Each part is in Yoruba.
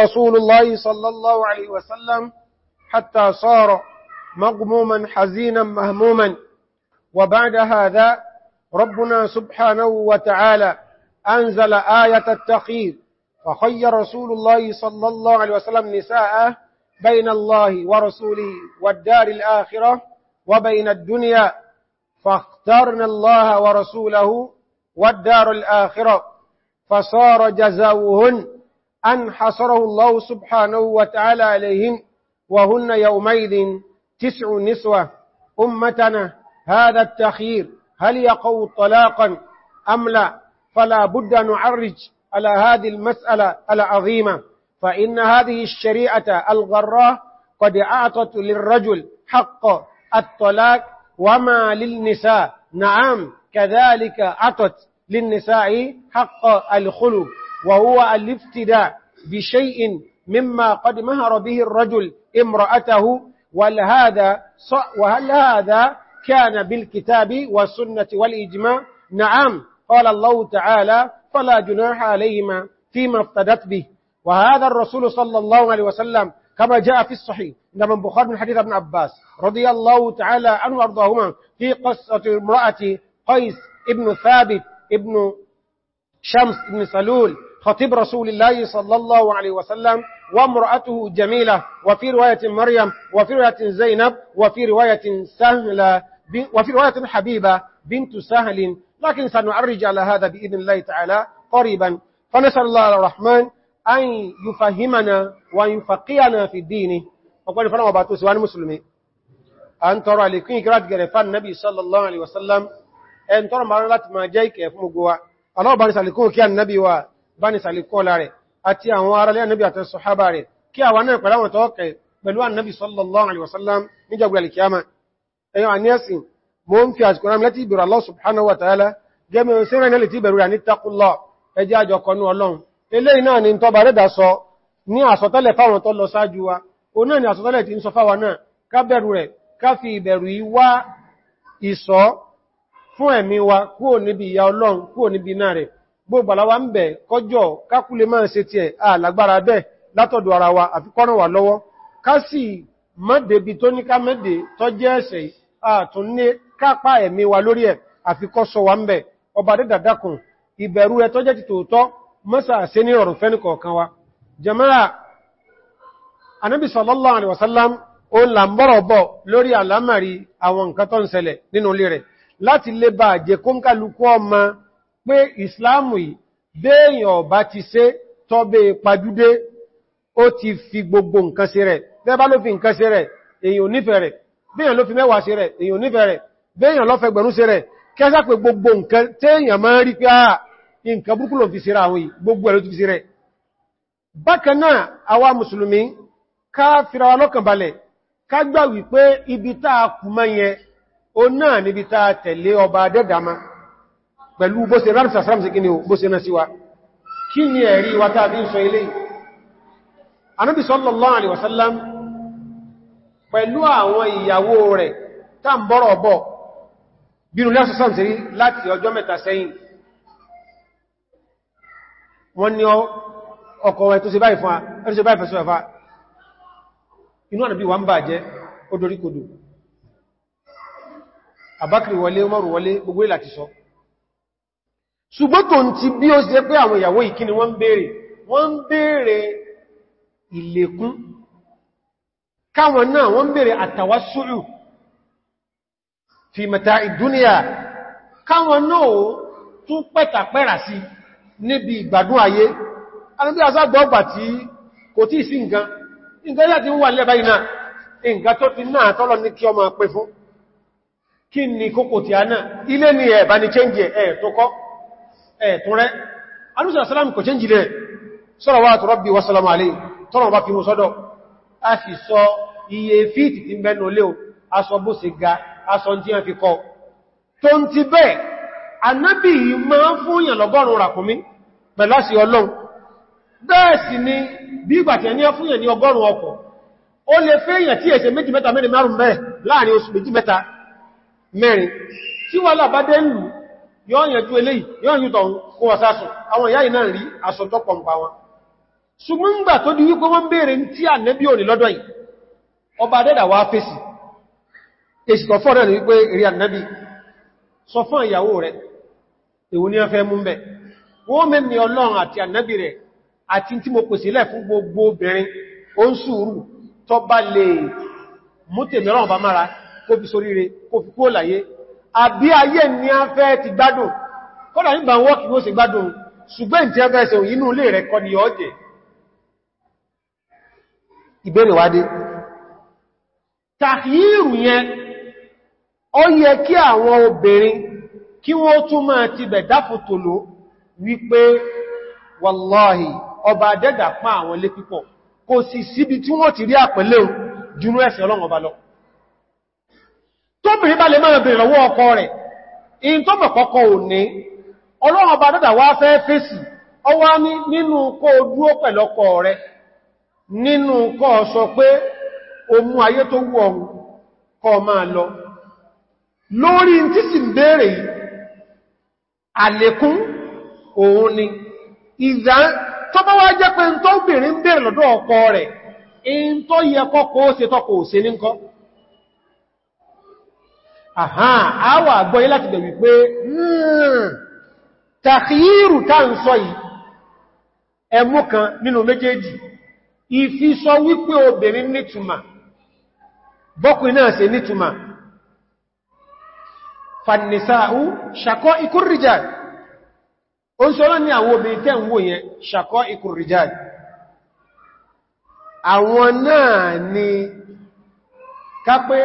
رسول الله صلى الله عليه وسلم حتى صار مغموما حزينا مهموما وبعد هذا ربنا سبحانه وتعالى أنزل آية التخير فخير رسول الله صلى الله عليه وسلم نساءه بين الله ورسوله والدار الآخرة وبين الدنيا فاخترنا الله ورسوله والدار الآخرة فصار جزاؤهن أن حصره الله سبحانه وتعالى عليهم وهن يومئذ تسع نسوة أمتنا هذا التخيير هل يقو طلاقا أم لا فلا بد نعرج على هذه المسألة العظيمة فإن هذه الشريعة الغراء قد أعطت للرجل حق الطلاق وما للنساء نعم كذلك أعطت للنساء حق الخلو وهو الافتداء بشيء مما قد مهر به الرجل امرأته ولهذا وهل هذا كان بالكتاب والسنة والإجماع نعم قال الله تعالى فلا جناح عليهما فيما افتدت به وهذا الرسول صلى الله عليه وسلم كما جاء في الصحيح إنما بخار من حديث ابن عباس رضي الله تعالى عنه وأرضاهما في قصة امرأة قيس ابن ثابت ابن شمس ابن سلول خطيب رسول الله صلى الله عليه وسلم وامرأته جميلة وفي رواية مريم وفي رواية زينب وفي رواية سهلة وفي رواية حبيبة بنت سهل لكن سنعرج على هذا بإذن الله تعالى قريبا فنسأل الله الرحمن أن يفهمنا وينفقينا في الدين وقال فنوى باتوس وأنا مسلمي أن ترى لكي قرأت جرفان النبي صلى الله عليه وسلم أن ترى مرات ما جايك يفهم قوة الله بارس لكم كان النبي وقال bá ní sàlìkọ́lá rẹ̀ àti àwọn aráalé ànábì àti sọ̀hábà rẹ̀ kí àwọn náà pẹ̀lú àwọn tọ́ọ̀kẹ́ pẹ̀lú ànábì sallallahu alaihi wasallam níjọba alìkíyàmá ẹ̀yàn àníẹ́sìn mo ń fi àsìkò rán láti ìbẹ̀rù Allah subhanahu wa ta'ala gẹ́mẹ̀ òṣèrè náà lè ti bẹ̀rù rẹ̀ ní takúlọ̀ ẹjẹ́ àjọkọ̀nú ọlọ́run eléyìí náà ni tọba rẹ̀dà sọ ní àsọtẹ́lẹ̀ fáwọn tó lọ sáájú wa o náà ni àsọtẹ́lẹ̀ ti ń sọ fáwọn ìsọ́ fún ẹ̀mí wa kúò níbi ìyà ọlọ́run kúò níbi náà rẹ̀ gbogbo àláwà ń bẹ̀ kọjọ́ kákúlé máa ṣe tí ẹ̀ àlágbára bẹ́ látọ̀dọ̀ ara wa àfikọ́ràn wà lọ́wọ́ ká sì mọ́dé bí tó ní ká mọ́dé tọ́ jẹ́ ẹ̀ṣẹ̀ àtún ní kápá ẹ̀mí wa lórí ẹ̀ àfikọ́sọ wa ń bẹ̀ ọba dédàdákùn ìbẹ̀rú ẹ tọ́jẹ́ ti tòótọ́ mọ́sà sí ní láti lè bá jẹ kóńkálukú ọmọ pé ìsìláàmù yìí béèyàn ọ̀bá ti ṣe tọ́bẹ̀ padúdé ó ti fi gbogbo nǹkan sí rẹ̀ bẹ́ẹ̀ bá ló fi nǹkan sí rẹ̀ èyàn nífẹ̀ẹ́ rẹ̀ béèyàn ló fi mẹ́wàá sí rẹ̀ èyàn nífẹ̀ẹ́ rẹ̀ béèyàn lọ́fẹ́ gbẹ̀rún sí rẹ̀ kẹ́sà pé gbogbo nǹkan téèyàn máa ń rí ah, pẹ̀lú bó ṣe ránṣà sáàmùsí kí ni ó bó ṣe náà síwá kí ni ẹ̀rí wa tàà bí ń sọ ilé Ànábì sallallahu alaihi wasallam pẹ̀lú àwọn ìyàwó rẹ̀ tàà ń bọ́rọ̀ bọ̀ bínú lẹ́sọ̀ sáàmùsí láti ọjọ́ mẹ́ta sẹ́yìn wọ́n ní ọkọ rẹ̀ tó ṣe báyìí fún ẹfà inú Ànábì wa Àbákìrì wọlé, Umaru wọlé, gbogbo ìlàtí sọ ṣùgbọ́n tó ń ti bí ó ṣe pé àwọn ìyàwó ìkíni wọ́n ń béèrè wọ́n ń béèrè ìlẹ̀kún káwọn náà wọ́n ń béèrè àtàwásúrù fi mẹ́ta ìdúnìyà káwọn náà tún pẹ́tàpẹ́rà sí níbi ìgbádùn ayé alẹ́bí aságbọ́gbà tí kò tí sí nǹkan nǹkan láti wà kí ni kókò tí a náà ilé ni ẹ̀bá ni chẹ́ǹgì ẹ̀ tó kọ́ ẹ̀ẹ̀tún rẹ̀ alúsà sálàmù kò change rẹ̀ sọ́rọ̀ wà tó rọ́bí wasalamu alé tọ́rọ bá fi mú sọ́dọ̀ a fi sọ iye fíìtì tí mẹ́nu lé o aṣọ bó ṣe ga aṣọ tí a fi kọ tó ń ti bẹ́ẹ̀ anábì máa ń fún yàn lọ́gọ́rùn ràkúnmí pẹ̀láṣì ọlọ́run bẹ́ẹ̀ sì ni bí ìgbàtẹ̀ ní fún yàn ní ọgọ́rùn ọkọ̀ ó lè fẹ́ èèyàn tí ẹ̀ṣẹ̀ yọ́ yẹ̀jú eléyìí yọ́ yìí tọ̀hún kó wàsásùn àwọn ìyá ìná rí asọ̀tọ́pọ̀ ń pa wọn ṣùgbọ́n gbà tó di wípé wọ́n bèèrè tí ànẹ́bí òní lọ́dọ̀ yìí ọba dẹ́dà wá fèsì èsì rẹ̀ ni a fẹ́ mú bẹ̀ wọ́n mẹ́ni ọlọ́run àti ànẹ́bí rẹ̀ àti tí mo pèsè lẹ̀ fún gbogbo obìnrin ó ń sùúrù tó bá àbí ayé ní a fẹ́ ti gbádùn kọ́nà nígbà wọ́kì wó sì gbádùn ṣùgbọ́n tí a fẹ́ ṣe òyínú ilé rẹ̀ kọ́ ni ọjẹ́ ìbéèrè wádé tàhírù yẹn ó yẹ kí àwọn obìnrin kí wọ́n tún máa ti bẹ̀ dáfòtòló wípé wàláhì ọba dẹ́dà pán àwọn lé pípọ̀ kò sì síbi tí wọ́n ti rí àpẹ̀lẹ́ jùnú ẹ̀sẹ̀ ọlọ́run ọba lọ́pọ̀ tóbìnrin bá lè máa bèèrè lọ́wọ́ ọkọ rẹ̀ in tó mọ̀ kọ́kọ́ ò ní ọlọ́run bá dọ́dà wá fẹ́ fèsì ọwá ní nínú kó dúó rẹ̀ nínú kó sọ pé o mú ayé tó wù ọ̀hún lọ lórí tí ni ìzá tó bá wá jẹ́ pé bèèrè lọ́dọ̀ ọkọ rẹ̀ in àhán àwà àgbọ́yé láti bẹ̀ wípé hmm, tàkìírù tá ń sọ yìí ẹmú kan nínú méjèèjì ìfi sọ wípé obìnrin nítùmà bọ́kùn náà ṣe nítùmà fàníṣàú ṣàkọ́ ikúrìjáì ó ń sọ́rọ̀ ní àwọn obìnrin tẹ́ ń wò yẹn ṣàkọ́ ikúrìjáì àwọn náà ni kápẹ́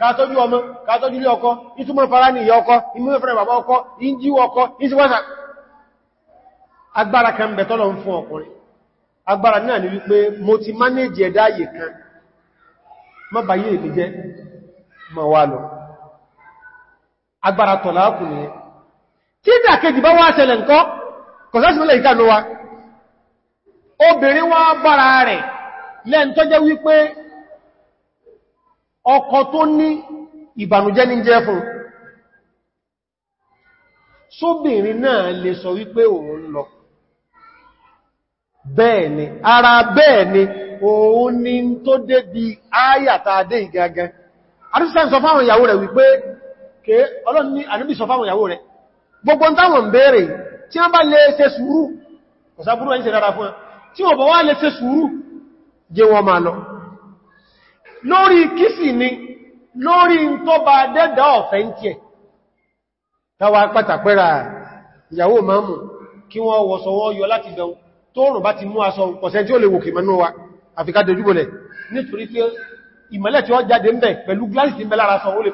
kàtọ́jú ọmọ kàtọ́jú ilé ọkọ ìtumọ̀ fara ní ìyá ọkọ ìmúfẹ́fẹ́ bàbá ọkọ ìjíwọ ọkọ ìsíwọ́sà agbára kan bẹ̀tọ́lọ ń fún ọkùnrin agbára náà ni wípé mo ti mánéjì ẹ̀dá ayè kan má bàyé èdè je ma wà wípé ọkọ tó ní ìbànújẹ́ ní jẹ́ fún sóbìnrin náà lè sọ wípé òun lọ bẹ́ẹ̀ni ara bẹ́ẹ̀ni òun ni tó débi áyàtàdé ìgangan àrísàn sọ fáwọn ìyàwó rẹ̀ wípé ké ọlọ́run ní àníbì sọ fáwọn ìyàwó rẹ̀ gbogbo táwọn bèèrè tí wọ́n bá lè ṣe sùúrù ọ̀sàbúrú ẹ̀yìn ṣe lórí kìsì ni lórí ń tó bá dẹ́dà ọ̀fẹ́ ń tiẹ̀ tàwà pàtàkpẹ́ra ìyàwó máàmù kí wọ́n wọ́sọ wọ́n yọ láti bẹ̀rún tó rùn bá ti mú aṣọ pọ̀sẹ̀ tí ó lè wòkè mẹ́nú wa àfikà dojúbọlẹ̀ nítorí pé ìmọ̀lẹ̀ tí ó jáde ń bẹ̀ pẹ̀lú gláìsì ń bẹ lára sọ ó lè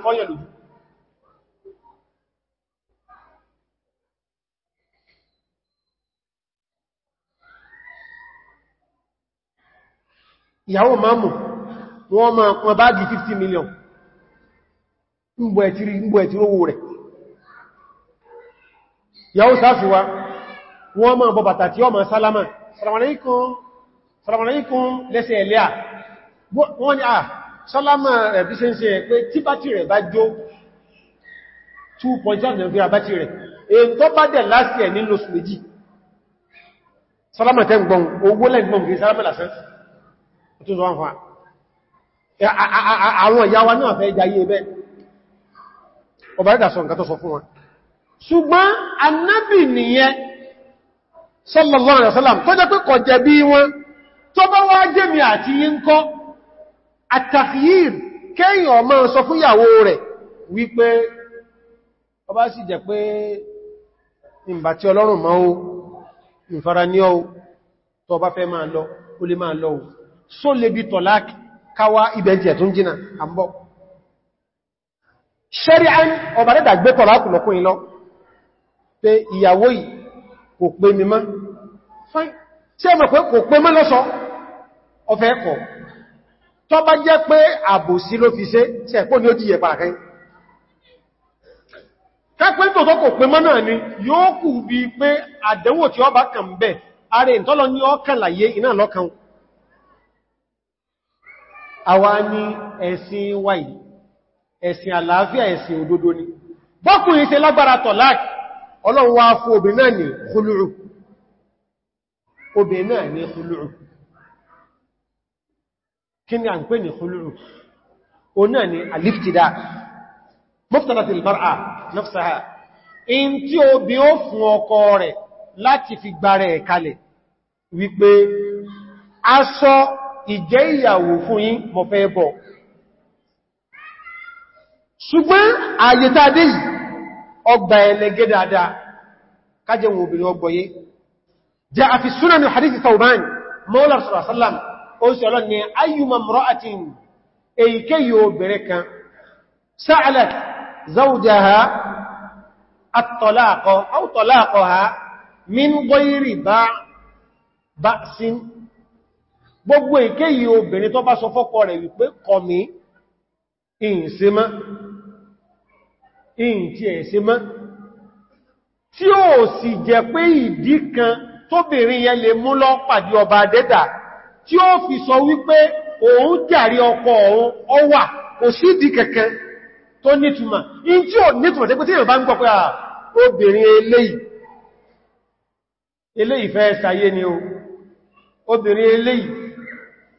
wọ́n máa pọn báàgì 50 million ńgbọ́ ẹ̀tí owó rẹ̀ yàwó sáfíwá wọ́n máa bọ bàtà tí ó máa sálámà salamu alaykum salamu alaykum lẹ́sẹ̀ ẹ̀lẹ́à wọ́n ni à sálámà rẹ̀ bí ṣe ń ṣe pé tí bátì rẹ̀ bá jó 2.5 nàìjíríà bátì rẹ̀ èyí tó bá dẹ̀ láti ẹ̀ nílò sùn méjì sálámà tẹ́ gbọ́n owó lẹ́gbọ́n kìí sálámà lásán tó zọ́n fún àwọn ìyá wa náà fẹ́ jayé ẹbẹ́ ọba rẹ̀dà sọ nǹkan tó sọ fún wọn ṣùgbọ́n annabi nìyẹn sallallahu alaihi wasallam tó jẹ́ pé kò jẹ̀bi wọn tó bá wá jẹ́mi àti yínkọ́ àtàkìyìr kẹ́yìn ọmọ sọ fún ìyàwó rẹ̀ wípé ọba sì jẹ́ pé ìmbà tí ọlọ́run mọ́ o ìfara ní ọ tó bá fẹ́ máa lọ ó lè máa lọ o só lè bí tọ̀láàkì káwá ibẹ̀ntì ẹ̀tún jìnà àmbọ̀. ṣẹ́ríán ọba lẹ́dà gbé tọ̀lákùnlọ́kùn ilọ́ pé ìyàwó yìí kò pé mímọ́ tí ẹmọ̀ pé kò pé mọ́lọ́sọ ọfẹ́ ẹ̀kọ́ bá jẹ́ pé àbòsí ló fi ṣe tí ẹ̀kọ́ ni ó jíyẹ pàákẹ́ kò pé àwa ní ẹ̀sìn wáyì ẹ̀sìn àlàáfíà ẹ̀sìn òdodo ni bọ́kùnrin ṣe lágbára tọ̀lák ọlọ́run wá fún obìnrin náà ní khulu'u obìnrin náà ní khulu'u kí ni a ń pè ní khulu'u o náà ní aliftida muftalatil fi gbára ẹ̀ kalẹ̀ wípé ìjẹ́ ìyàwó fún yí mọ̀ fẹ́ bọ̀. ṣùgbọ́n àyètàdé ọgbà ẹlẹgẹ́ dáadáa kájẹ wọn obìnrin ọgbọ̀yé jẹ́ àfi súnà ní hadith Thawban mọ́lá sọ̀rọ̀sálàm ó sì ọlọ́ ni ayyuma kan gbogbo ìké yìí obìnrin tó bá sọ fọ́kọ rẹ̀ wípé kọmí ìǹsímá ìǹtí ẹ̀símá tí ó sì jẹ́ pé ìdí kan tóbìnrin yẹn lè mú lọ pàdé ọba dẹ́dà tí ó fi sọ wípé òun jàrí ọkọ òun ọwà kò sí ìdí kẹ̀kẹ́ tó nítumà in tí ò nítumà obìnrin eléyìí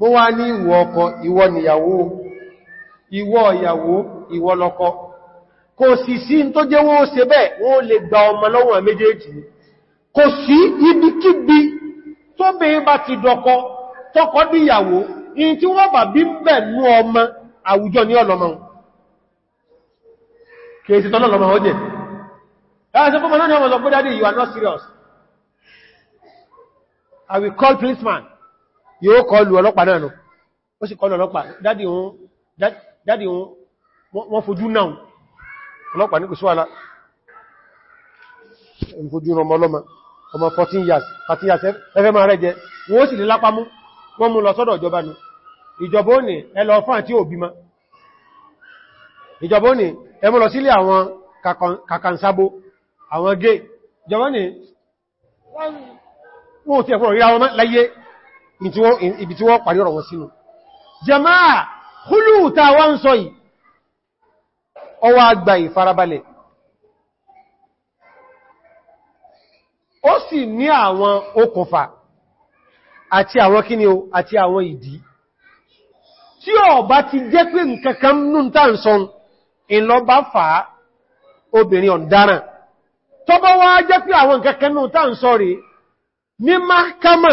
bó wá ní ìwọ ọkọ ìwọ nìyàwó ìwọ ìyàwó ìwọ lọ́kọ kò sì sí tó jẹ́ wọ́n ṣe bẹ́ẹ̀ wọ́n lè gba ọmọ lọ́wọ́ méjèèjì kò sí ibikíbi tó bèé bá ti dọ́kọ tọ́kọ díyàwó in tí wọ́n bà bí bẹ̀ mú ọmọ àwùjọ ní ọlọ́mọ I will call policeman yóò kọlù ọlọ́pàá náà nù ó sì kọlù ọlọ́pàá dádì òun wọ́n fojú náà ọlọ́pàá ní kò síwàlá ìfojú ọmọ ọlọ́mọ ọmọ 14 years 30 years ẹfẹ́ máa rẹ̀ jẹ wọ́n sì lè lápamú wọ́n mú lọ sọ́dọ̀ ìjọba nù ìjọba ó ní ẹlọ fún àti òbí ma ìjọba ó ní ẹmú lọ sílé àwọn kàkànsábó àwọn gé ìjọba ní wọ́n ti ẹ̀fọ́ rí àwọn láyé ibi tí wọ́n parí ọ̀rọ̀ wọn sínú jama'a hulu ta wá ń sọ yìí ọwọ́ àgbà ìfarabalẹ̀ ó sì ní àwọn okùnfà àti àwọn kíni o àti àwọn ìdí tí ó bá ti jẹ́ pé nkankan nún tàn sọ́n ìlọba fà obìnrin ọ̀daràn tọ́bọ́ wá jẹ́ pé àwọn nkankan nún tàn sọ́rẹ̀ ní mákàmà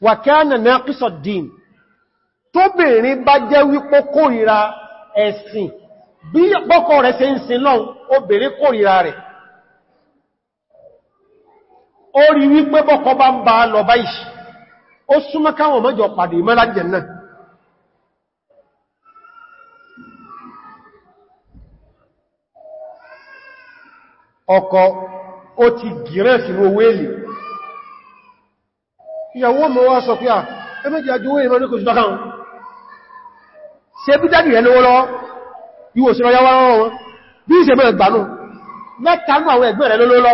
wàkíánà náà kìsọ̀ dìn tó bèèrè bá jẹ́ wípó kórìíra ẹ̀sìn bí pọ́kọ̀ rẹ̀ ṣe ń sin lọ́n ó bèèrè kórìíra rẹ̀ ó rí wípé bọ́kọ̀ bá ń bá lọ báyìí ó súnmọ́ káwọn ìyàwó mọ̀ wá sọ pé à ẹmẹ́jì àjúwé ìmọ̀ ní kò sí bákan ṣe bí dábì rẹ̀ lówó lọ́wọ́ ìwò sí ọyá wọ́n wọn bí ìṣẹ́ mẹ́rin gbà náà mẹ́ta ní àwọn ẹgbẹ́ rẹ̀ lówó lọ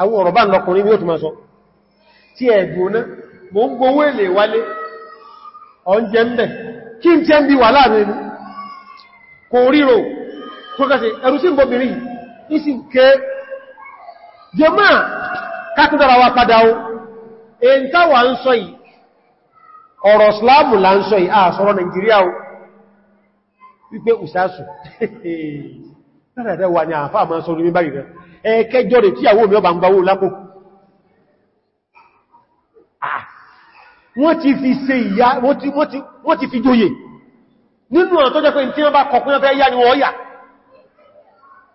àwọn ọ̀rọ̀ bá ń lọkùnrin bí ó tún máa sọ tí ẹ̀dùn náà mò ń gbowó èlé wálé ọ̀njẹ́ ń bẹ̀ kí n jẹ́ ń bí wà láàrin kò ríro tó kẹsẹ̀ èyí táwà ń sọ yìí ọ̀rọ̀ islamu la ń sọ yìí àṣọ́rọ̀ Nàìjíríà o wípé ùsásù dáadáa wà ní àfá àmà sọ orí báyìí rẹ̀ ẹ̀ẹ́kẹ́jọ́ rẹ̀ tíyàwó mi ọba ń gbáwó lápò wọ́n ti fi ṣe ìyá wọ́n ti fi jóye nínú ọ̀nà jẹ́ pé tí wọ́n bá kọkún ọ̀fẹ́ yá ni wọ́n yà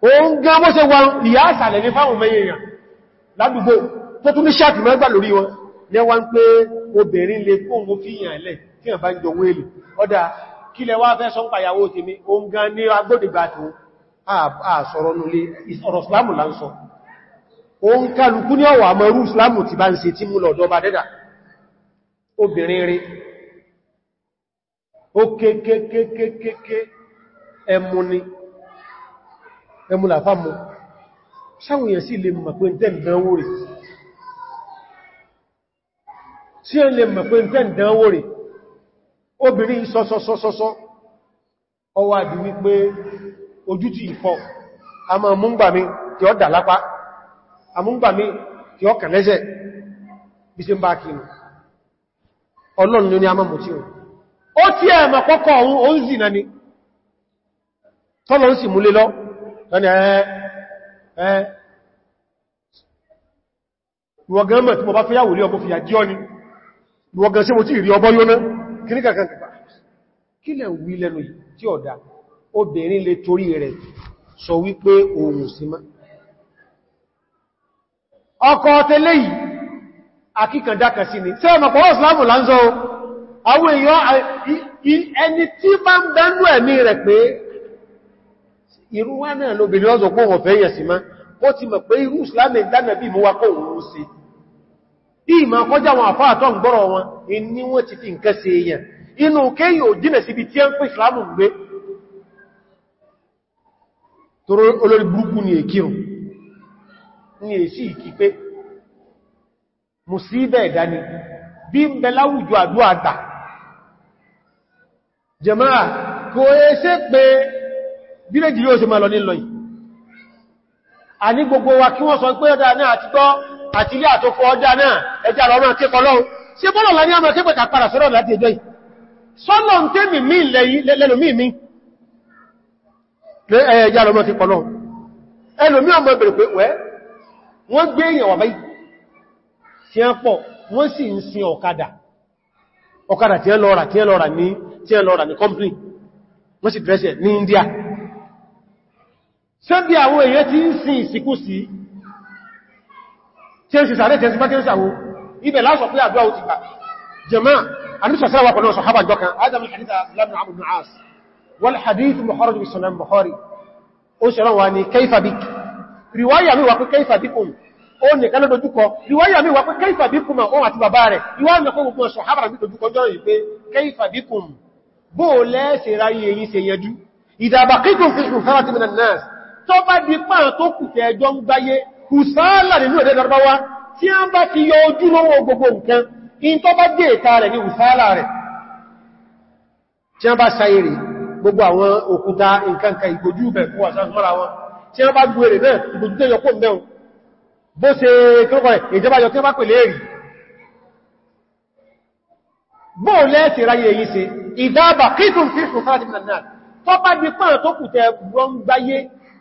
òun gan mọ́ ṣe wọ́n ìyá àṣàlẹ̀ ní fáwọn mẹ́yẹ̀yàn ládùúgbò tó tún ní ṣáàtì mẹ́gbà lórí wọn lẹ́wà ń pé obìnrin lè fún mú kí ìyàn ilẹ̀ tí ìyàn bá ń jọ wéèlì ọdá kí lẹ wá fẹ́ sọ ń pàyàwó ti mi o ń gan ní agbódìgbà tó àṣọ̀rọ̀ nulé ọ̀rọ̀ islamu la ń sọ o ń kálukú ní ọwà mọ̀rú islamu ti bá ń ṣe tí mú lọ̀dọ̀ ni ẹmu làfá mu sáwọn èèyàn sí lè mọ̀ pé ń tẹ́ tí ẹ lè mọ̀ pé ń tẹ́ ìdánwò rẹ̀ obìnrin sọ́sọ́sọ́sọ́ ọwà dì wípé ojú ti ìfọ́ a máa múngbà mi tí ó dà lápá a múngbà mi tí ó kẹ̀lẹ́sẹ̀ bí ṣe ń bá kí ọlọ́run ni a máa mú tí ó ó tí ẹ mọ̀ kọ́kọ́ ọ̀hún ó ń mo bá fẹ́yàwó lé ọkọ̀ fìyà jí ọ ni wọ́gan sí mo tí ìrí ọbọ́ yóná kí ní kàkàn kìbà kí lẹ̀ ń wí lẹ́nu tí ọ̀dá obìnrin lè torí rẹ̀ sọ wípé ohun sí má ọkọ̀ tẹ́lẹ̀ yìí akíkàndákà sí ni sẹ́ọ̀mà pọ̀wọ́ ìsìlámù lánzọ́ àwọn èèyàn ẹni tí bá ń bẹ́nú ẹ̀mí rẹ̀ pé irú wá náà lóbìnrin ọzọ̀ pọ̀ ìmọ̀ kọjá wọn àfáà tó ń gbọ́rọ̀ wọn ní wọ́n ti fi nǹkan ṣe èèyàn inú kéyì ò jìnà síbi tí ẹ pè ìsìlámù gbé tóró olórí burúkú ni èkírùn ní èsì ìkí pé musíbẹ̀ ìdáni bí ń bẹ láwùjọ àdúà àgbà jẹmáà kò ẹsẹ́ e pé bíréjì yóò ṣe máa lọ nílọ àti ilé àtòkò ọjà náà ẹjá lọ máa kékọ lọ́wọ́ sí bọ́lọ̀ láni àmà kékọ kàpàrà sọ́rọ̀ láti ẹjọ́ yìí sọ́lọ̀ ń tẹ́ mi lẹ́nu mí mi ẹjá lọ máa kékọ lọ́wọ́ ẹlòmí ọmọ ìbẹ̀rẹ̀ pé wẹ́ wọ́n gbé èèyàn wà báyìí tí wọ́n pọ̀ wọ́n sì ń sin ọ̀kadà ọ̀kadà tí wọ́n lọ rà tí wọ́n lọ rà ní tí wọ́n lọ rà ní company wọ́n sì dẹ́sẹ̀ ní India sẹ́bí àwọn èèyàn ti ń sin ìsìnkú sí tí ó ṣe sàárẹ́ tẹ́sí bá tí ó sàwó ibẹ̀ lásọ̀ pé àdúrà ó ti gbà jẹma anúṣàṣẹ́wà pẹ̀lú ọ̀sọ̀ hábà jọkan adam al-hadith abdullahi abu nu'as wal hadith muharraj bi sunan bukhari ó ṣẹ̀rọ wa ni kaifa bik riwaya mi wà pé kaifa bikum ó ní kan dojúkọ riwaya mi wà pé kaifa bikum ma òun àti bàbá rẹ̀ riwaya mi pé gbogbo ọ̀sọ̀ hábà bí dojúkọ jọ́rọ̀ yìí pé kaifa bikum bó kùsáàlà nínú èdè darbawa tí a ń bá fi yọ ojú lọ́wọ́ gbogbo nǹkan in tó bá gbé ìta rẹ̀ ní kùsáàlà rẹ̀ tí a bá sáyèrè gbogbo àwọn òkúta nǹkan kan ìgbójú bẹ̀ fún àṣánṣọ́ra wọn tí a bá gbèrè náà ìgbójú tó yọpọ̀ mẹ́un bá pè tó bá di pàà tó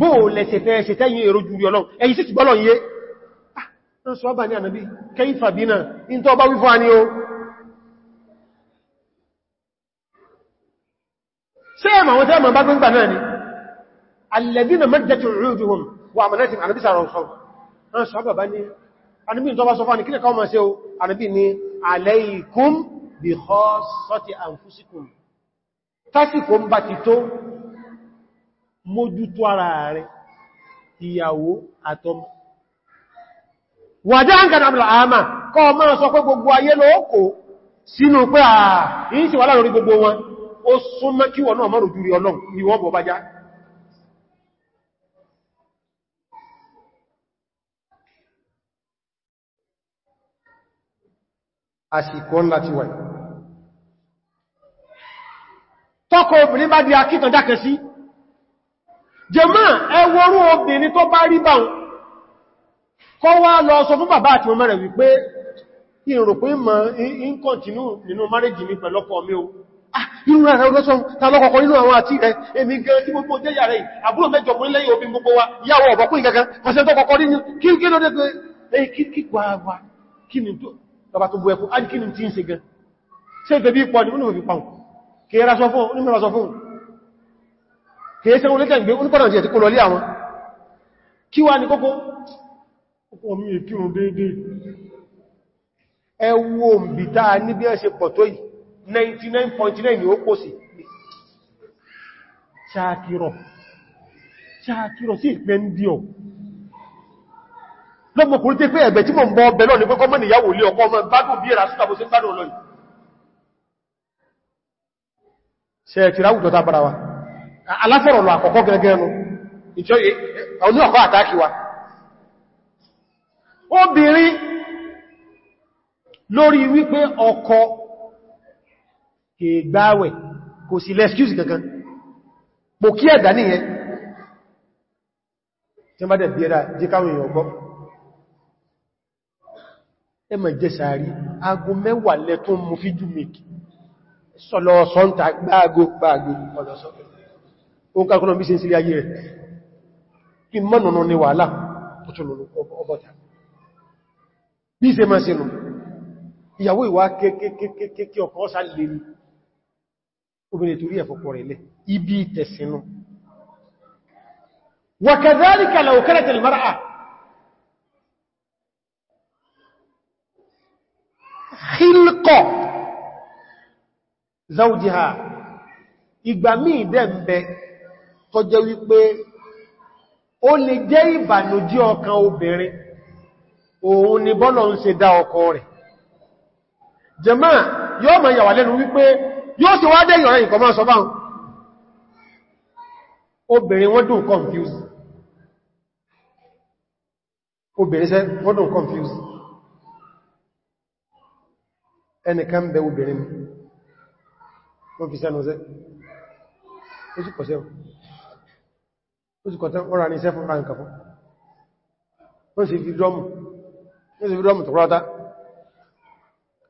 bó lẹ́sẹ̀ fẹ́ ṣe tẹ́yìn èrò jùrí ọlọ́run èyí sí ti bọ́lọ̀ yé ń ah, sọ bá ní ànàbí kayfa bina in tó bá wí fún àní o ṣe ẹ̀mà wọn tẹ́ẹ̀mà bá náà ni alladhina majjat u'uduhum wa sọ ń sọ ní ànàbí tó bá sọ fún kílẹ̀ kọ́mọ̀ sí o ànàbí ni alaykum bi khassati anfusikum mójútó ara rẹ̀ ìyàwó àtọmọ wàjá ń gàdà àbìlà àmà kọ́ ọmọ sọ pé gbogbo ayé lóòkó sínú pé àà yìí sì wà láàrin gbogbo wọn ó súnmọ́ kí wọ́n náà mọ́rùn júrí ọlọ́run ìwọ́n bọ̀ bá já àsìkò ńlá ti wà tọ́kọ̀ obìnrin bá di akítànjá kẹsí jẹmọ́ ẹwọrún obìnrin tó bá rí báun kọ́ wá lọ sọ fún bàbá àti mọ́mọ́ rẹ̀ wípé ìrò pé mọ̀ in continue nínú márèjì mi pẹ̀lọ́pọ̀ mi o ah, inú rẹ̀ rẹ̀ sọ tàlọ́kọ̀ọ́kọ́ nínú àwọn àti rẹ̀ èmi gan tí gbogbo jẹ́ yàrá yìí àbúrò mẹ́jọ mú lẹ́yìn obìn gbogbo wa yàwó ọ̀bọ̀kún ìgẹ́gẹ́ fọ́sẹ́ tó kọ́kọ́ nínú kí kí ló dé pé èyí kí kí wà wà kí ni tó bàbá tó bu ẹkùn á kí ni tí ń ṣe gan ṣe tẹ̀bí ipọ̀ ni ó ní òfin pàun kí ẹ kìí sẹ́wọ́n lẹ́tẹ̀ gbé onípọ̀nà jẹ́ ti kó lọlé àwọn kí wá ní kókó ọkọ̀ mi ìkírùn déédéé ẹwọ́ mbìta ní bí ẹ̀ṣẹ̀ pọ̀ tó yìí 99.9 ni ó kó sí ṣàkírọ̀ ṣàkírọ̀ sí ìpẹ́ ń díọ̀ lọ́gbọ̀kùnrin tí pé ẹ̀bẹ̀ tí mò ń bọ́ ọbẹ̀ lọ́nà pẹ́kọ́ mọ́ lé ọkọ̀ ọmọ gbádùn bí ẹ̀rà sútàbó sí gbádùn lọ́yìn ṣe ẹ̀tìráwùjọ tábára wa aláfẹ́rọ̀lọ̀ àkọ́kọ́ akọkọ ọ̀nà ọ̀kọ́ àtàkìwà obìnrin ọkọ kègbáwẹ̀ kò sí lẹ́skúsì ọkọ pò kí ẹ̀dà níyẹn tí ó bá dẹ̀ jẹ́ káwọn èèyàn ọgbọ́ ó ń kákọ́lọ̀ bí sí sílé ayé rẹ̀ kí mọ́nà ní wàhálà ọ̀tọ̀lọ̀lọ̀ ọbọ̀ta bí ṣe máa sínú ìyàwó ìwà kéèkéèkéèkéè ọkọ̀ ọ́sá lè ní obìnrin torí ẹ̀fọ́pọ̀ rẹ̀ lẹ́ ibi tẹ̀sínú wakadhalika law ń bẹ tó jẹ́ wípé ó lè jẹ́ ìbànújẹ́ ọkàn obìnrin òun ni bọ́lọ̀ ń ṣe dá ọkọ rẹ̀ jẹ́mọ́ yóò mọ̀ yàwà lẹ́nu wípé yóò sì wá dẹ́yìn ọ̀rẹ́ ìkọmọ́ sọ báhùn obìnrin wọ́n dùn confused obìnrin sẹ́ wọ́n dùn confused ẹnìkan bẹ obìnrin wọ́n fi sẹ́nu sẹ́ ó sì pọ̀ sẹ́wọ̀n ó sì kọ̀tán ọ́rà ní sẹ́fún ránkà fún ó sì fi drọ́mù tó rọ́ta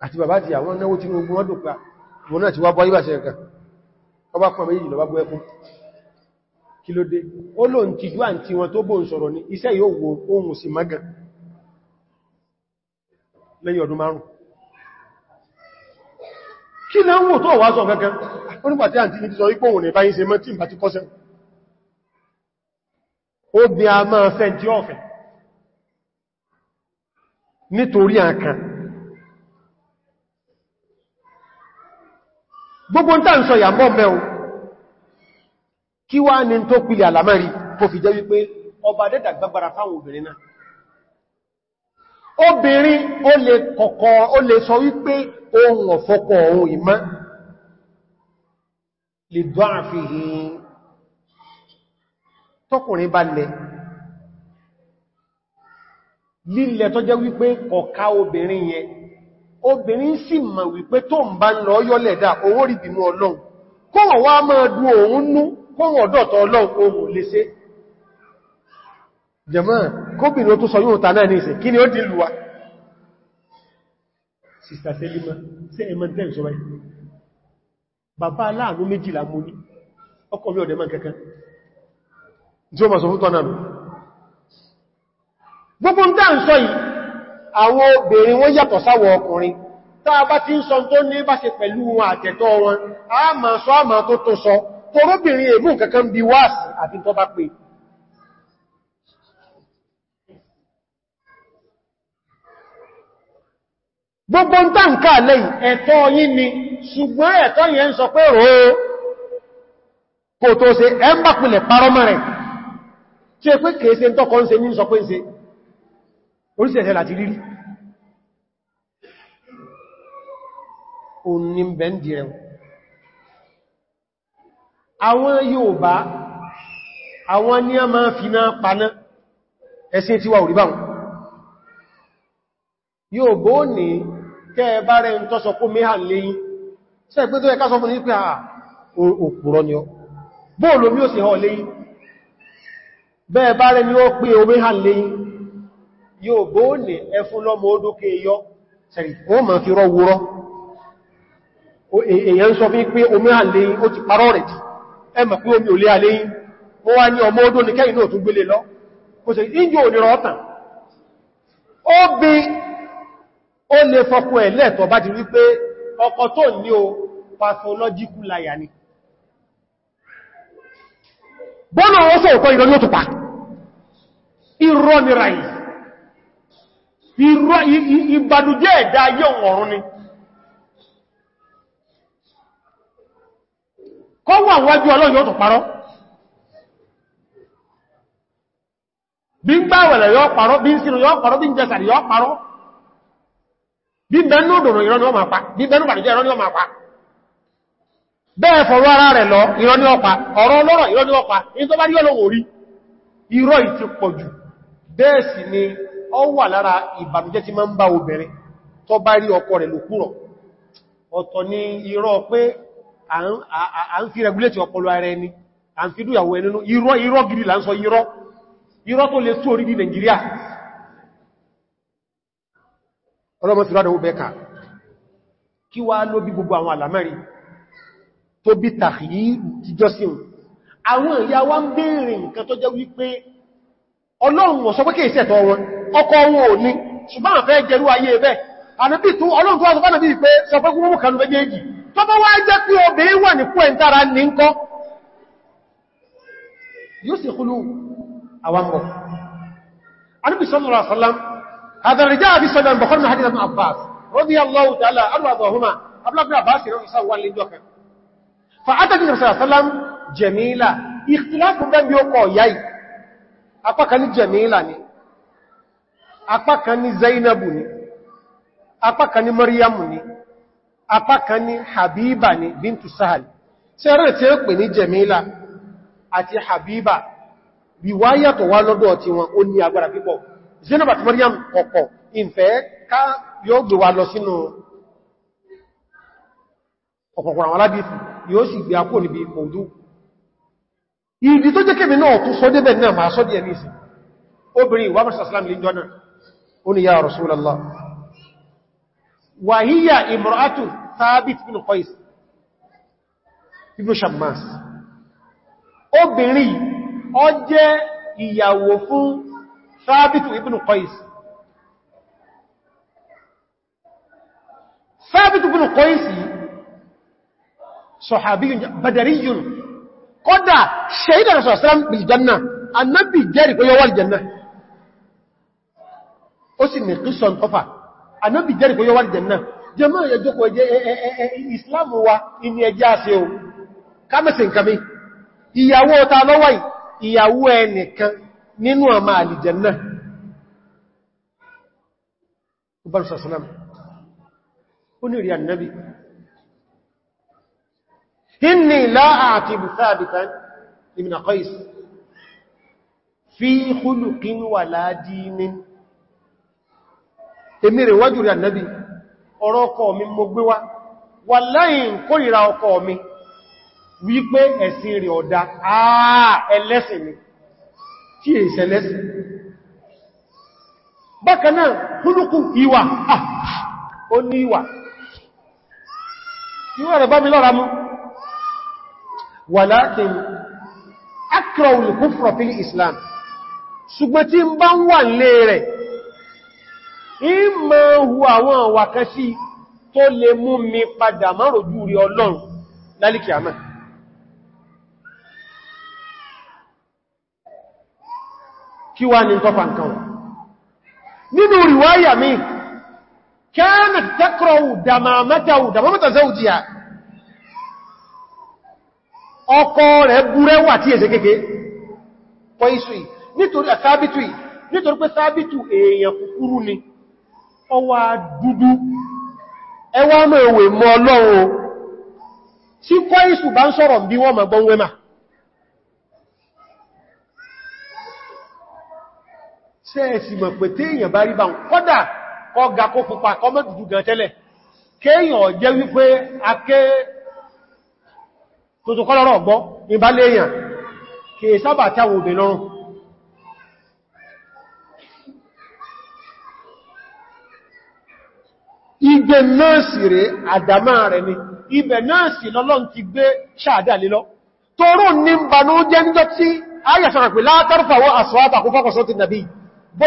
àti bàbá ti àwọn náwó tí gbogbo wọ́n dùpa wọn náà ti wá bọ́ ibàṣẹ́ ẹ̀kà ọba pọ̀ méjì lọ bá bọ́ ẹkún kí ló dé ó lò ń tijú àǹtí wọn tó bó ń sọ̀rọ̀ ní iṣẹ́ yóò wo ohun sí magan lẹ́yìn ọdún márùn obi a máa fẹ́ tí ọ̀fẹ́ nítorí àkàn gbogbo ń tàn sọ ìyàmọ́ mẹ́un kí wá ní tó pìlẹ̀ àlàmẹ́rí kò fi jẹ́ wípé ọba dẹ́dà gbágbára fáwọn obìnrin náà obìnrin ó lè kọ̀kọ́ ó lè sọ wípé ohun ọ̀fọ́kọ̀ ohun ìmá lè dọ́ tọkùnrin bá lẹ lílẹ̀ tó jẹ́ wípé ọ̀ká obìnrin yẹ obìnrin sì mọ̀ wípé tó ń bá lọ yọ́lẹ̀ owó rìbìnú ọlọ́run kó wọ́n wá máa du òun nú kó wọ́n dọ̀tọ̀ ọlọ́run ohun lè ṣe jẹ̀mọ́ kóbìnrin sọ yóò ta náà ní ìsẹ̀ kí ni ó tí ó mọ̀ sọ fún tọ́nàrù gbogbo ń dáa ń sọ yìí àwọn obìnrin wọ́n yàtọ̀ sáwọ ọkùnrin táa bá ti ń sọ tó ní bá ṣe pẹ̀lú wọn a ma a ma tó tó sọ torobìnrin èmú kankan bí wáàsì àti tó bá pè gbogbo ń dáa ń káà lẹ́yìn ẹ̀tọ́ yín ni ṣùgbọ́n ẹ̀tọ́ yẹn ń sọ pé ròó kò tó ṣe ẹ tí ẹ pé kèése tọ́kọ́ ń ṣe ní sọ pé ń ṣe orísẹ̀ẹ̀sẹ̀ láti rírí o ní bẹ̀ndì rẹ̀ àwọn Yorùbá àwọn ní a máa fi náà paná ẹ̀sìn tí wà ò rí báwọn Yorùbá ó ní kẹ́ẹ̀ bá rẹ̀ ń tọ́sọ kó mẹ́hà lẹ́yìn sẹ́ẹ̀ pé tó ẹ ká fún ní pé àà òpùrọ̀ bẹ́ẹ̀ bá rẹ̀ ni ó pé omi hàn lè yóò bó nì ẹfún lọ́mọ odókè yọ sẹ̀rì ó ma fi rọ wúrọ́ e, èyàn sọ fi pé omi hàn lè ó ti parọ́ rẹ̀ jù ẹ mọ̀ pé omi ò alé wá ní ọmọ odó ní kẹ́yìn náà tún gbélé lọ bí ẹ̀ ti tó bọ́nà wọ́n sọ ọ̀kọ́ ìrọ̀ ní ó tùpa irọ́ ni ráì ìbànújẹ́ ẹ̀dá ayé ọ̀run ni kọ́ wà wájú ọlọ́yìn ó tù parọ́ bí ń gbáwẹ̀lẹ̀ yọ́ parọ́ bí ń sínú yọ́ parọ́ bí ń jẹsàrí yọ́ parọ́ bí bẹ́nú òdòrò ìrọ́ ni wọ́n máa pa bí bẹ́nú bàdìjẹ́ ìrọ́ ni wọ́n máa pa bẹ́ẹ̀ fọ̀rọ̀ ara rẹ̀ lọ irọ́ ní ọpa ọ̀rọ̀ ọlọ́rọ̀ irọ́ ní ọpa in tó bá rí ọlọ́wọ̀ orí irọ́ ìtí pọ̀jù bẹ́ẹ̀ sì ni ọ wà lára ìbànújẹ́ tí máa ń bá obìnrin tó bá rí ọkọ rẹ̀ lòkúrọ̀ ni pé à ń fi ọpọlọ ara ẹni gidi là ń sọ tó lè ní Nàìjíríà sí gbogbo àwọn àlàmẹ́rin tó bí tàhí ìjọsìn àwọn ìyá wa ń béèrè nǹkan tó jẹ́ wípé ọlọ́run wọ̀ sọ pé kèèsẹ̀ tọ́ wọn ọkọ̀ wọn ò ní ṣùgbọ́n àfẹ́ jẹrú ayé ẹbẹ́ ànábì tó ọlọ́run tó wá sọpá nàbí pé sọ pé kúrò kanú méjèèjì tó bá wá jẹ́ pé obìnrin wà ní kú ẹ̀ntara ní ń kọ́ yóò sì kúlù àwamọ̀ ànábì sallallahu alaihi wasallam àdàrìjá àbí sọ́dọ̀ ìbọ̀kọ́nà hadith ibn Abbas fa'atati rasulullah jẹ̀mílà ìtìláàfù bẹ́bí ó kọ̀ yáì apákan ní jẹ̀mílà ni apákan ní zainabu ni apákan ní maryamu ni apákan ní habiba ni bintu sahal tí ẹ̀rẹ́ tí ó pè ní jẹ̀mílà àti habiba bí wáyà tó wá lọ́dọ̀ tí wọn ó ní agbára pípọ̀ zainabu àti maryam ọ̀pọ̀ ìfẹ́ ká yóò gbé wa lọ sínú ọ̀pọ̀pọ̀ àwọn alábìfì yóò sì gbé akó níbi mọ̀dú ìdí tó jẹ́kẹ́ mi náà tó sọ débẹ̀ náà máa sọ díẹ̀ nìsìn obìnrin ìwà mọ́sí aslam lè jọna ó ní ya Rasulullah wàhíyà imra'atu Thabit bin Qais ibn Shammas obìnrin ó jẹ́ ìyàwó fún Thabit ibn Qais Thabit ibn Qais yìí sọ̀hábíyùn badariyun kọ́dà ṣeídà rẹ̀ sọ̀sán biljanna annabi jẹ́rì pé yọwọ́ aljanna ó sì ní kìsọ̀n tọ́fà annabi jẹ́rì pé yọwọ́ aljanna jẹ mọ́ ẹjọ́ kò ẹjẹ́ islam wa inú ẹjẹ́ àṣẹ o kámẹ́sìn kami ìyàwó ta lọ́wọ́ ìyàwó ẹnìkan nínú àmà aljanna ó bá rẹ̀ sọ̀sán إني لا أعتب ثابتا ابن قيس في خلق ولا دين emire wájú rí ànábì ọ̀rọ̀ ọkọ mi mo gbé wá ọkọ mi wípé ẹ̀sìn rẹ̀ ọ̀dá àà ẹlẹ́sìn ni tí è ṣẹlẹ́sìn bákanáà húnúkú ìwà ó ní ìwà rẹ̀ bá mi lọ́ra mú wàlákin akraul kufra fil islam ṣùgbọ́n tí ń bá ń wà lè rẹ̀ ìmọ̀ hu àwọn wàkásí tó lè mú mi padà márùn-ún rí ọlọ́run lálìkì àmà kí wá ní tọ́fà nǹkan wọn nínú ríwáyà mi kẹ́ẹ̀nà tẹ́kọ̀ọ́ dàmàmẹ́ta dàmàmẹ́ta zẹ́ ọkọ rẹ̀ búrẹ́wà tí èsẹ kéèké pọ̀ isu yìí nítorí àtàbítù yìí nítorí pé sábítù èèyàn kúkúrú ni ọwà dúdú ẹwà mọ̀ èwè mọ́ ọlọ́run tí pọ̀ isu bá ń sọ̀rọ̀ bí wọ́n mọ̀ gbọ́nwé mà sẹ́ẹ̀sì mọ̀ pé téèyàn bá rí tó tó kọ́lọ́rọ̀ ọ̀gbọ́ ní bá léèyàn kì í sábà tí àwọn obìnrin lọ́rùn igbe náà sì rẹ̀ àdámá rẹ̀ ni ibẹ̀ náà sì lọ́lọ́n ti gbé ṣáàdá lílọ́ toró ní banú jẹ́ ń jọ́tí ayàṣọ́rọ̀ pé látàrífàwọ́ àṣọ́wátà kó fọ́kọ̀ṣọ́ ti nàbí bó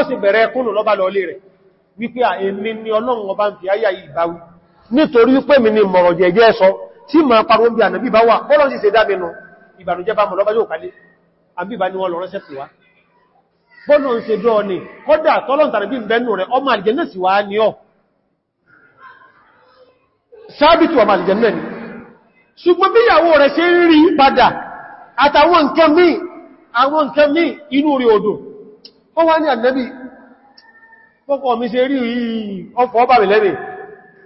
tí ma parọ́ bí ànàbí bá wà bọ́lọ́n sì ṣe dábẹnu ìbànújẹ́ bá mọ̀ lọ́bá yóò kalé àbíbà ní wọ́n lọ ránṣẹ́ sí wá bọ́lọ́n ṣe dọ́ ni kọ́dà tọ́lọ́n tàbí bẹ́nu rẹ̀ ọmọ àlìjẹ́nà sì wá ní ọ sábìtù ọmọ àlìjẹ́nà ni ṣùgbọ́n bí ìyàwó ń rí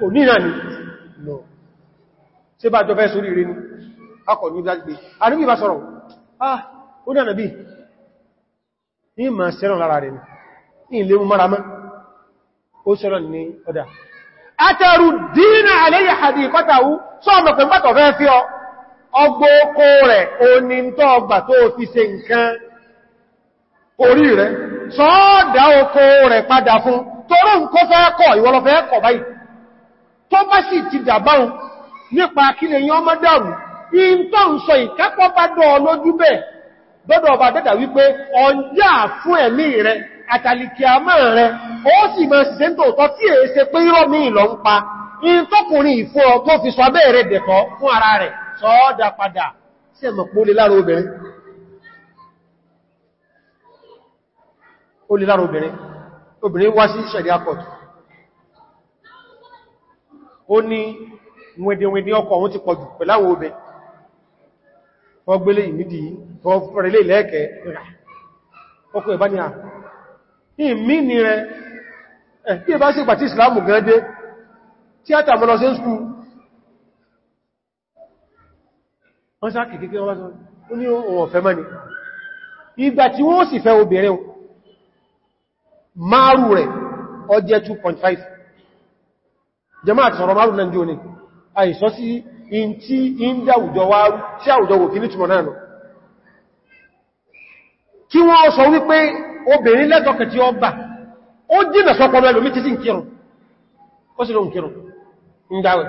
òní náà ni lọ tí bá jọ fẹ́ sórí rí ní akọ̀ ní ìdájúgbé àríwí bá sọ̀rọ̀ ah ó ní ànàbí ní ma sẹ́rọ̀ lára rẹ̀ ní ilé mú mara mọ́ ó sọ̀rọ̀ ní ọdá àtẹrù dínà àlẹ́yà orí rẹ̀ sọ́ọ̀dá oko rẹ̀ padà fún torún kó fẹ́ kọ̀ ìwọ́lọ́fẹ́ kọ̀ báyìí tó bá sì ti dàbáhùn nípa kílẹ̀ yán mọ́ dàrú in tó ń sọ ìkápọ́ bá dọ́ lójú bẹ́ẹ̀ dọ́dọ̀ ọba dẹ́dà wípé ọjà fún ẹ̀mí rẹ àtàlìkìámọ́ rẹ ó sì mọ́ síse tóòtọ́ tí èé ṣe pé irọ́ mi lọ ń pa in tọ́kùnrin ìfọ́ tó fi sọ abẹ́ẹ̀rẹ̀ dẹ̀kọ́ fún ara rẹ̀ sọ́ọ́dà padà sẹ́mọ̀ pé ó lè lára obìnrin ó lè lára obìnrin obìnrin wá sí ṣẹ̀dí akọ̀tù ó ní wẹ̀dẹ̀wẹ̀dẹ̀ ọkọ̀ òun ti pọ̀jù pẹ̀láwọ̀ obẹ̀ ọgbẹ̀lẹ̀ ìmìdí ọ̀rẹ̀lẹ̀ ilẹ̀ẹ́kẹ́ ọkọ̀ ẹ̀bá ni à ìmí ni rẹ̀ tí ẹ bá sí pàtí ìsìlámù gan dé tíátà mọ́lọ sí skú wọ́n sáàkì kékeré wọ́n sọ ó ní ohun ọ̀fẹ́ mọ́ tí wọ́n sì fẹ́ ọjẹ́ 2.5 jẹmáà ti sọ̀rọ̀ márùn-ún jò ní àìsọ́ sí in tí in dá àwùjọ wá tí àwùjọ wò kí ní túnmọ̀ náà nù kí wọ́n sọ wípé obìnrin lẹ́tọ̀kẹ̀ tí ó bà ó jìnà sọpọlọ ẹlòmí ti sí ń kírun ó sì lóhun kírun ń dáwẹ̀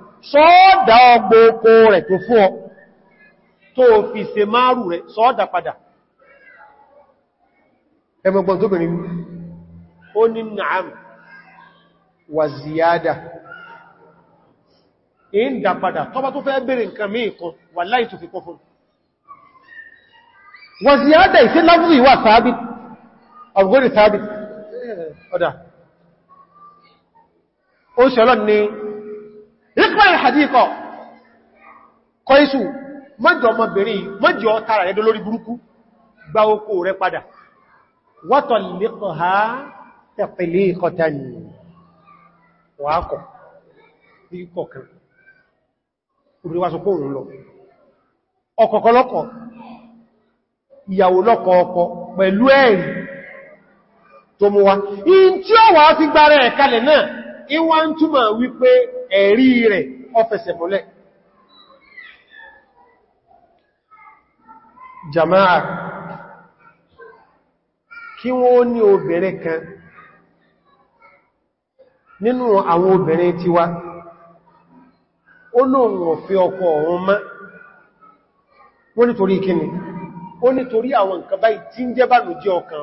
sọ́ọ̀dá ọgbọ̀ oko rẹ̀ tó fún ọ tó fi ṣe márù rẹ̀ sọ́ọ̀dá padà ẹmọ̀gbọ̀n tó bìnrin ó ní Waziyada wà ziyada in dà padà tọ́bá tó fẹ́ bèèrè nǹkan mí kan wà láì tó fi kọ fún wà ziyada ìfẹ́ lábúrú ìwà tàbí ọgbọ̀rẹ̀ tàbí ọ̀dá ni ìpàrà àdíkọ̀ kọ isu mọ́jọ ọmọbìnrin mọ́jọ tààrà ẹ̀dọ́ lórí burúkú gba oko rẹ padà wọ́tọ̀ lẹ́kọ̀ ha tẹ̀pẹ̀lẹ̀ ìkọta ni wàákọ̀ ìkọ̀ lọ ọkọ tó mú wa tí ó wà ìwà ń túmọ̀ wípé ẹ̀rí rẹ̀ ọfẹsẹ̀ mọ́lẹ̀ jama'a kí wọ́n ní obìnrin kan nínú àwọn tiwa ó lóun ọ̀fẹ́ ọkọ ọ̀hún mọ́ wọ́n nítorí kíni ó nítorí àwọn nǹkan báyìí tí ń jẹ́ ọkàn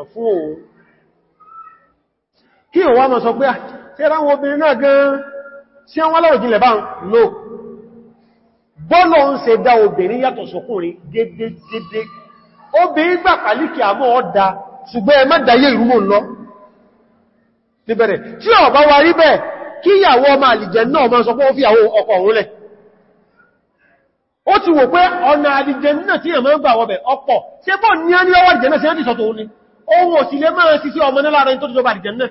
kí o wá mọ̀ sọ pé à tí ẹ̀rá wọn obìnrin náà gan sí àwọn aláwòjìnlẹ̀ bá ń lò bọ́lọ̀ ń ṣe dá obìnrin yàtọ̀ sọkùnrin gẹ́gẹ́gẹ́gẹ́ obìnrin gbà pàlíkì àmọ́ ọ̀dá ṣùgbọ́n ẹ má dáyé ìrúmò lọ níbẹ̀rẹ̀ tí ó bá wá rí bẹ́ẹ̀ kí ìyàwó ọmọ àlìjẹ náà máa sọ pé ó fi àwọn ọkọ òun lẹ̀ ó ti wò pé ọ̀nà àlìjẹ náà tí èèyàn máa ń gbà wọ́bẹ̀ ọ̀pọ̀ ṣe bọ́ ní á ní ọwọ́ náà sí ẹ́ ti sọ tó ní ohun òsìlẹ̀ máa sí sí ọmọ náà láàrin tó ti jọba àlìjẹ náà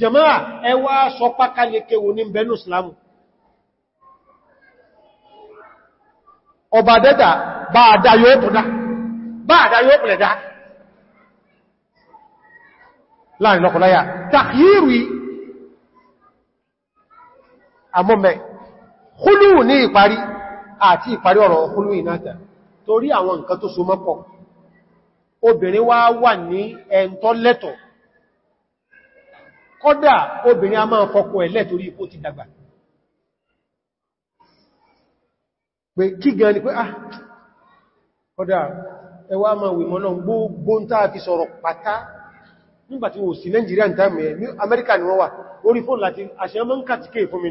jẹmáà ẹwà sọ pákàlẹ̀kẹ́ wo ní bẹnu islamu ọba dẹ́dà bá àdá yóò pùdá bá àdá yóò pùlẹ̀dá láàrin lọ́kọ̀láyà tàkìírì àmọ́mẹ́ kúlù ní ìparí àti ìparí ọ̀rọ̀ kúlù ìnáta torí àwọn nǹkan tó so mọ́pọ̀ obìnrin wá wà ní ẹntọ́lẹ́tọ̀ọ́ kọ́dà obìnrin a máa fọkọ ẹ̀lẹ́ torí ipò ti dàgbà pé kí gan ni pé ah kọ́dà ẹwà máa wèmọ́ náà gbogbo ń tàà fi sọ̀rọ̀ pátá nígbàtí wò sí Nigeria ń tàà mẹ́ ni wọ́n wà orí fóòn láti àṣẹ́mọ́ ń kàtíkẹ́ fún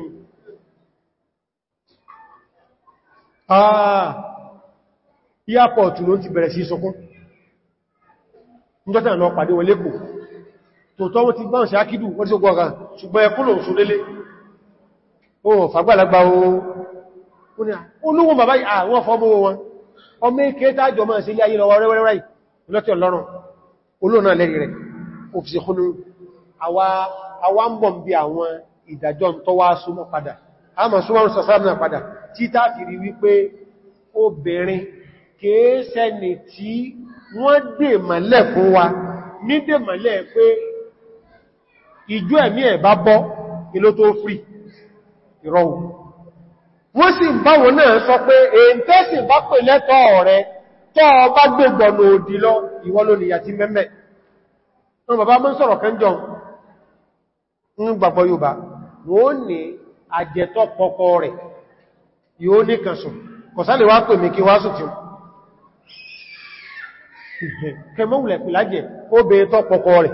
tòótọ́ wọ́n ti gbọ́n sí ákídù wọ́n ti gbọ́n kan ṣùgbọ́n ẹkùn lòun sún lélé ohun fàgbàlagbà olówó bàbá àwọn ah, fọ́mọ́ wọn ọmọ ike tájọ máa sí ilé ayé lọ́wọ́ rẹ́wẹ́rẹ́wẹ́ lọ́tí ọlọ́run olóòrùn lẹ́rí rẹ̀ òfìsì kúnnú àwa ń bọ̀ bí àwọn ìdàjọ́ tó wá súnmọ́ padà a mọ̀ súnmọ́ sàsáàmì padà tí wọ́n dè fún wa ní dè pé ìjú ẹ̀mí ẹ̀ bá bọ́ iló tó frí ìrọ̀wù wọ́n sì báwọn náà sọ pé èyí tẹ́sì bá pè lẹ́tọ́ ọ̀rẹ́ tọ́ ọba gbẹ̀gbọ̀nà òdì lọ ìwọ ló nìyà ti mẹ́mẹ́ wọn bàbá mọ́ sọ̀rọ̀ kẹjọ ń gbàgbọ́ Yorùbá wọ́n ní àjẹtọ́ ó bèé tọ́ pọpọ rẹ̀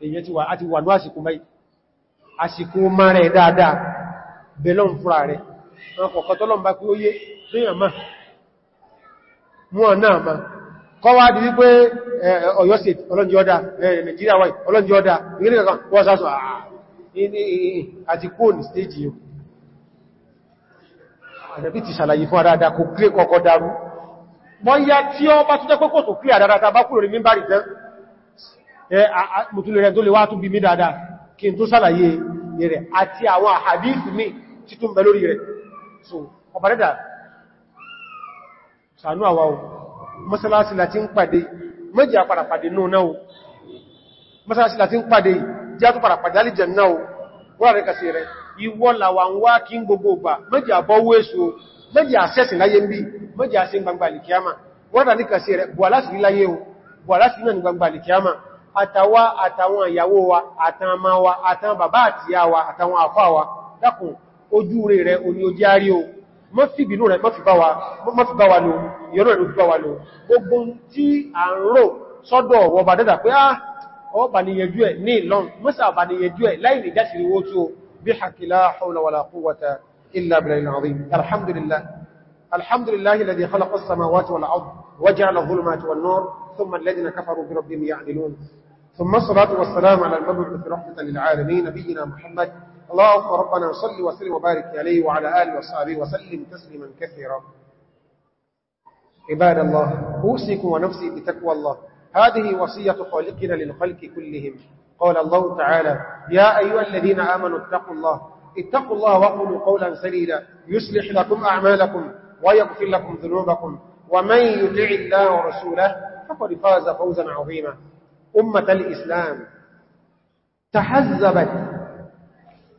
èyẹ ti wà àti wà ní àsìkò mẹ́ àsìkò ma rẹ̀ dáadáa belon fúra rẹ̀ ọkọ̀kọ́ tọ́lọ́m bá pé ó yé léyàn máa wọn náà kọ́ wá di wípé Ọ̀yọ́ state ọlọ́njọ́dá Nigeria wáyé ọlọ́njọ́dá ìgbẹ́lẹ̀ kan wọ́n sásọ stage yìí àdàbí ti ṣàlàyé fún àdáadáa kò kílé kọ́kọ́ dárú wọ́n yá tí ọ bá tún jẹ́ pẹ́kọ́ mùtúlẹ̀rẹ̀ tó lè wá tún bí mí dáadáa kí n tó sàlàyé rẹ̀ àti àwọn àhàdíìsì mi tí tún bẹ lórí rẹ̀ so ọ̀pàdẹ́dà sàánú àwà o mọ́sálásí láti ń pàdé méjì àpàràpàdé náà o mọ́sálásí láti ń pàdé jẹ́ tó pàràpàdé alìjẹ̀ náà o wọ́n rẹ̀ kàsì rẹ̀ ìwọ́ làwà ń wá kí ń gbogbo ọgbà méjì àbọ́wó èso méjì àṣẹ́sìn láyé ń bí méjì àṣẹ́ gbangba àlìkíyàmà wọ́n rẹ̀ kàsì rẹ̀ bùhálásì láyé àtàwà àtàwọn ìyàwó wa àtàwọn ma wa àtàwọn bàbá àtìyà wa àtàwọn àfà wa dákùn ojú rẹ̀ rẹ̀ oní ojú àrí o mọ́ sí ìbínú rẹ̀ mọ́ fi bá wa lò ìyọ́nà rẹ̀ fi bá wa lò gbogbo tí à ń rò sọ́dọ̀ ọba dẹ́dà pé ah, á ọba ثم الصلاة والسلام على المبعوث رحمة للعالمين نبينا محمد اللهم ربنا صل وسلم وبارك عليه وعلى آله وصحبه وسلم تسليما كثيرا عباد الله أوسيكم ونفسي بتقوى الله هذه وصية خالقنا للخلق كلهم قال الله تعالى يا أيها الذين آمنوا اتقوا الله اتقوا الله وقولوا قولا سليلا يصلح لكم أعمالكم ويغفر لكم ذنوبكم ومن يطع الله ورسوله فقد فاز فوزا عظيما أمة الإسلام تحزبت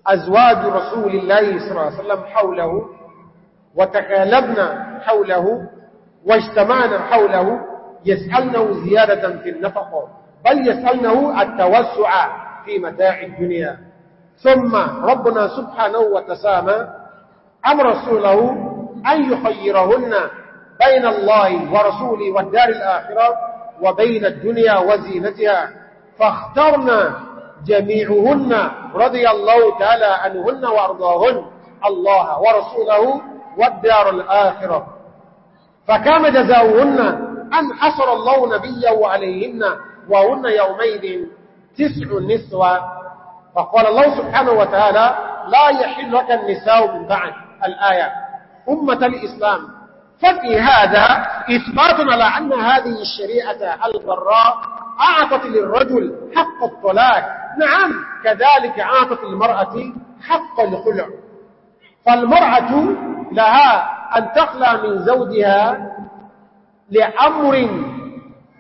أزواج رسول الله صلى الله عليه وسلم حوله وتكالبنا حوله واجتمعنا حوله يسألنه زيادة في النفقة بل يسألنه التوسع في متاع الدنيا ثم ربنا سبحانه وتسامى أمر رسوله أن يخيرهن بين الله ورسوله والدار الآخرة وبين الدنيا وزينتها فاخترنا جميعهن رضي الله تعالى عنهن وأرضاهن الله ورسوله والدار الآخرة فكان جزاؤهن أن حصر الله نبيا عليهن وهن يومئذ تسع نسوة فقال الله سبحانه وتعالى لا يحل لك النساء من بعد الآية أمة الإسلام ففي هذا إثبات على أن هذه الشريعة البراء أعطت للرجل حق الطلاق نعم كذلك أعطت المرأة حق الخلع فالمرأة لها أن تخلى من زوجها لأمر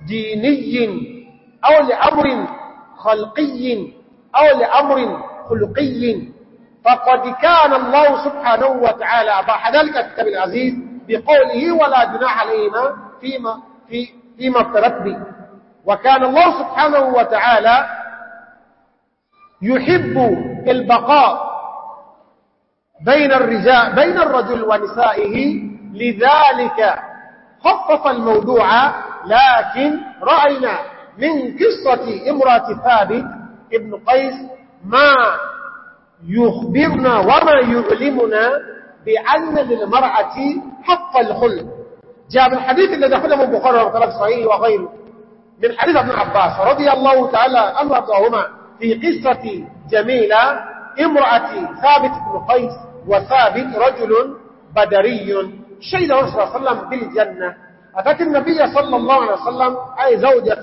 ديني أو لأمر خلقي أو لأمر خلقي فقد كان الله سبحانه وتعالى بعد ذلك الكتاب العزيز بقوله ولا جناح عليهما فيما, في فيما افترت به وكان الله سبحانه وتعالى يحب البقاء بين الرجال بين الرجل ونسائه لذلك خفف الموضوع لكن رأينا من قصة امرأة ثابت ابن قيس ما يخبرنا وما يعلمنا بأن للمرأة حق الخلق جاء من حديث الذي أخذه البخاري وطلب صحيح وغيره من حديث ابن عباس رضي الله تعالى أنه أرضاهما في قصة جميلة امرأة ثابت بن قيس وثابت رجل بدري شيد رسول صلى الله عليه وسلم بالجنة أتت النبي صلى الله عليه وسلم أي زوجة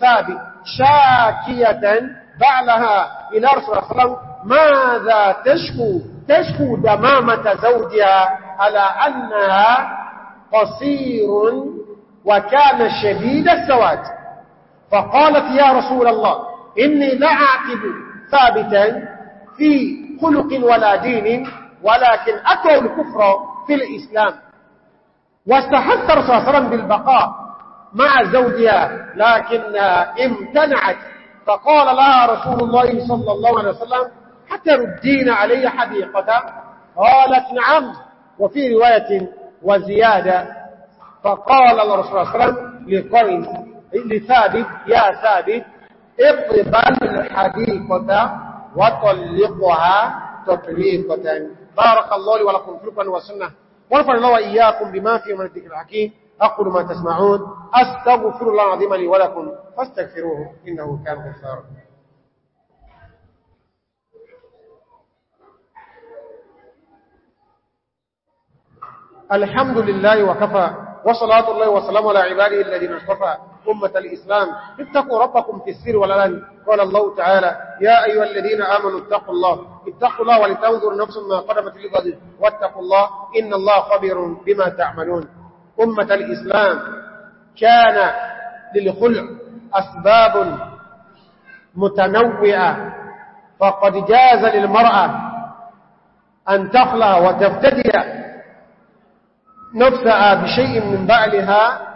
ثابت شاكية بعلها إلى رسول الله صلى الله عليه وسلم ماذا تشكو تشكو دمامة زوجها على أنها قصير وكان شديد السواد فقالت يا رسول الله إني لا أعتب ثابتا في خلق ولا دين ولكن أكره الكفر في الإسلام واستحثت رسول الله عليه بالبقاء مع زوجها لكنها امتنعت فقال لها رسول الله صلى الله عليه وسلم أتردين علي حديقة قالت نعم وفي رواية وزيادة فقال الله رسول الله صلى الله عليه وسلم لثابت يا ثابت اطلب الحديقة وطلقها تطليقة بارك الله لي ولكم في وسنة والسنة ونفر الله وإياكم بما في من الذكر الحكيم أقول ما تسمعون أستغفر الله العظيم لي ولكم فاستغفروه إنه كان غفارا الحمد لله وكفى وصلاة الله وسلام على عباده الذين اصطفى أمة الإسلام اتقوا ربكم في السر والألان قال الله تعالى يا أيها الذين آمنوا اتقوا الله اتقوا الله ولتنظر نفس ما قدمت لغد واتقوا الله إن الله خبير بما تعملون أمة الإسلام كان للخلع أسباب متنوعة فقد جاز للمرأة أن تخلع وتبتدئ نفسها بشيء من بعلها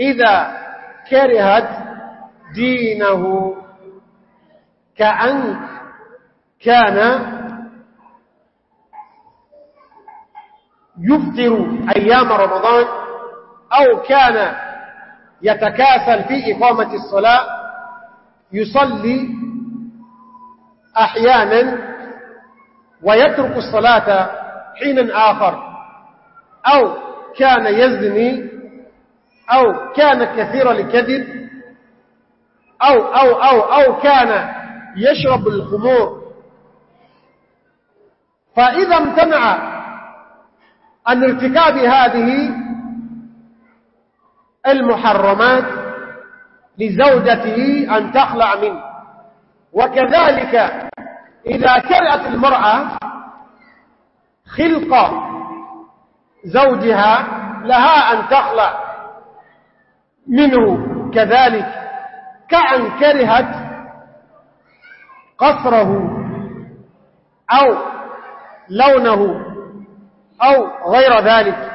إذا كرهت دينه كأن كان يفتر أيام رمضان أو كان يتكاسل في إقامة الصلاة يصلي أحيانا ويترك الصلاة حين آخر أو كان يزني أو كان كثير الكذب أو, أو, أو, أو كان يشرب الخمور فإذا امتنع عن ارتكاب هذه المحرمات لزوجته أن تخلع منه وكذلك إذا كرأت المرأة خلقه زوجها لها أن تخلع منه كذلك كأن كرهت قصره أو لونه أو غير ذلك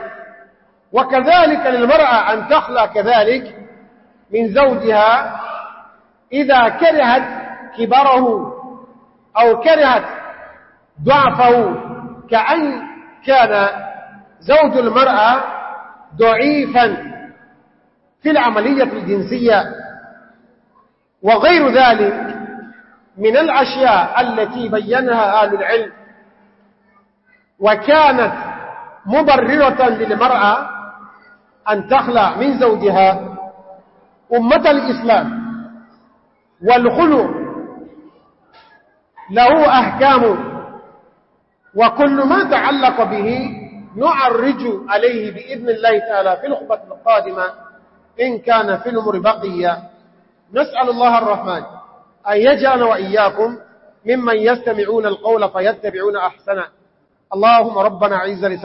وكذلك للمرأة أن تخلى كذلك من زوجها إذا كرهت كبره أو كرهت ضعفه كأن كان زوج المرأة ضعيفا في العملية الجنسية وغير ذلك من الأشياء التي بينها آل العلم وكانت مبررة للمرأة أن تخلع من زوجها أمة الإسلام والخلو له أهكام وكل ما تعلق به نعرج عليه بإذن الله تعالى في الخطبة القادمة إن كان في الأمر بقية نسأل الله الرحمن أن يجعل وإياكم ممن يستمعون القول فيتبعون أحسنه اللهم ربنا عز لسوى